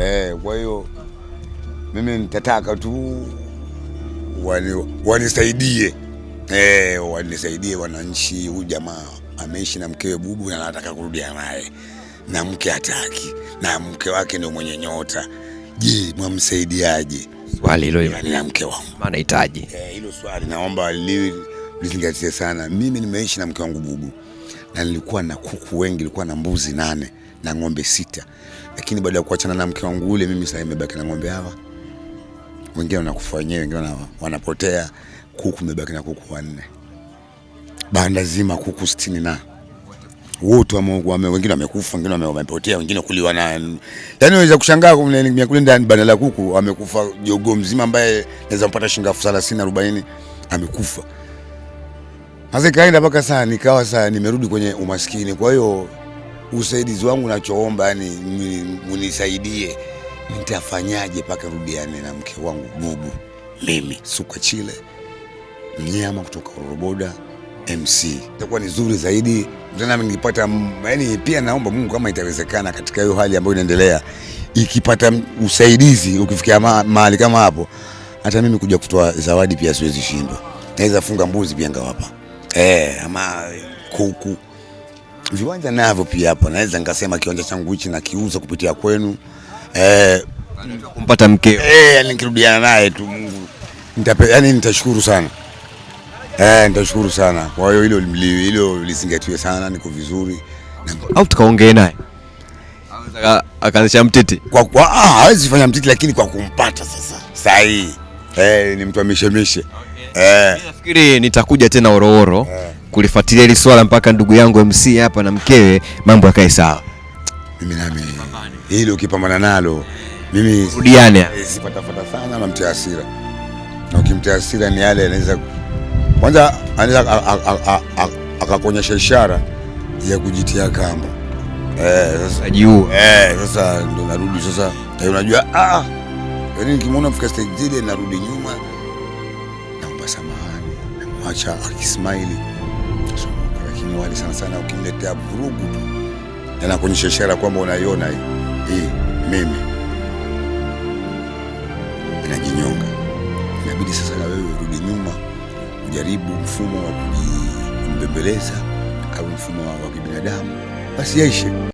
Eh, kwa hiyo mimi nitataka tu wanisaidie wani eh, wanisaidie wananchi. Huyu jamaa ameishi na mkewe bubu, na anataka kurudia naye, na mke hataki, na mke wake ndio mwenye nyota. Je, mwamsaidiaje? Swali hilo la mke wangu maana eh, hilo eh, swali naomba lizingatie sana. Mimi nimeishi na mke wangu bubu na nilikuwa na kuku wengi, nilikuwa na mbuzi nane na ng'ombe sita, lakini baada ya kuachana na mke wangu ule, mimi sasa nimebaki na ng'ombe hawa. Wengine wanakufa wenyewe, wengine wanapotea. Kuku nimebaki na kuku wanne, banda zima kuku sitini na wote wame, wengine wamekufa, wengine wamepotea, wengine kuliwa na, yani unaweza kushangaa kule ndani banda la kuku wamekufa, jogoo mzima ambaye naweza kupata shilingi elfu thelathini arobaini amekufa. Hasa ikaenda mpaka saa nikawa saa nimerudi kwenye umaskini. Kwa hiyo usaidizi wangu nachoomba, yani munisaidie, nitafanyaje mpaka rudiane na mke wangu Bubu? Mimi suka chile mnyama kutoka Oroboda MC, itakuwa ni zuri zaidi tena ningepata. Yani pia naomba Mungu kama itawezekana, katika hiyo hali ambayo inaendelea, ikipata usaidizi, ukifikia mahali kama hapo, hata mimi kuja kutoa zawadi pia siwezi shindwa, naweza funga mbuzi pia ngawapa eh, ama kuku viwanja navyo pia hapo naweza nikasema kiwanja changu hichi nakiuza kupitia kwenu eh, kumpata mkeo eh, yani nikirudiana naye tu Mungu nitape, yani nitashukuru sana eh, nitashukuru sana. Kwa hiyo hilo hilo lisingatiwe sana, niko vizuri au tukaongee naye akaanzisha mtiti kwa kwa ah, hawezi fanya mtiti, lakini kwa kumpata sasa sahihi eh, ni mtu ameshemeshe eh. Nafikiri nitakuja tena Orooro eh. kulifuatilia hili swala mpaka ndugu yangu MC hapa na mkewe mambo yakae sawa. Mimi nami hili ukipambana nalo mimi rudiane eh, sipatafata sana na mtia hasira, na ukimtia hasira ni yale anaweza kwanza anaweza akakuonyesha ishara ya kujitia kamba eh, sasa juu eh, sasa ndo narudi sasa. Eh, unajua ah, ah. yani nikimwona mfika stage zile narudi nyuma naomba samahani, namwacha akismaili sumuka, lakini wali sana sana ukimletea vurugu tu yanakuonyesha ishara kwamba unaiona hii mimi inajinyonga. Inabidi sasa na wewe urudi nyuma, ujaribu mfumo wa kujimbembeleza au mfumo wa kibinadamu, basi yaishe.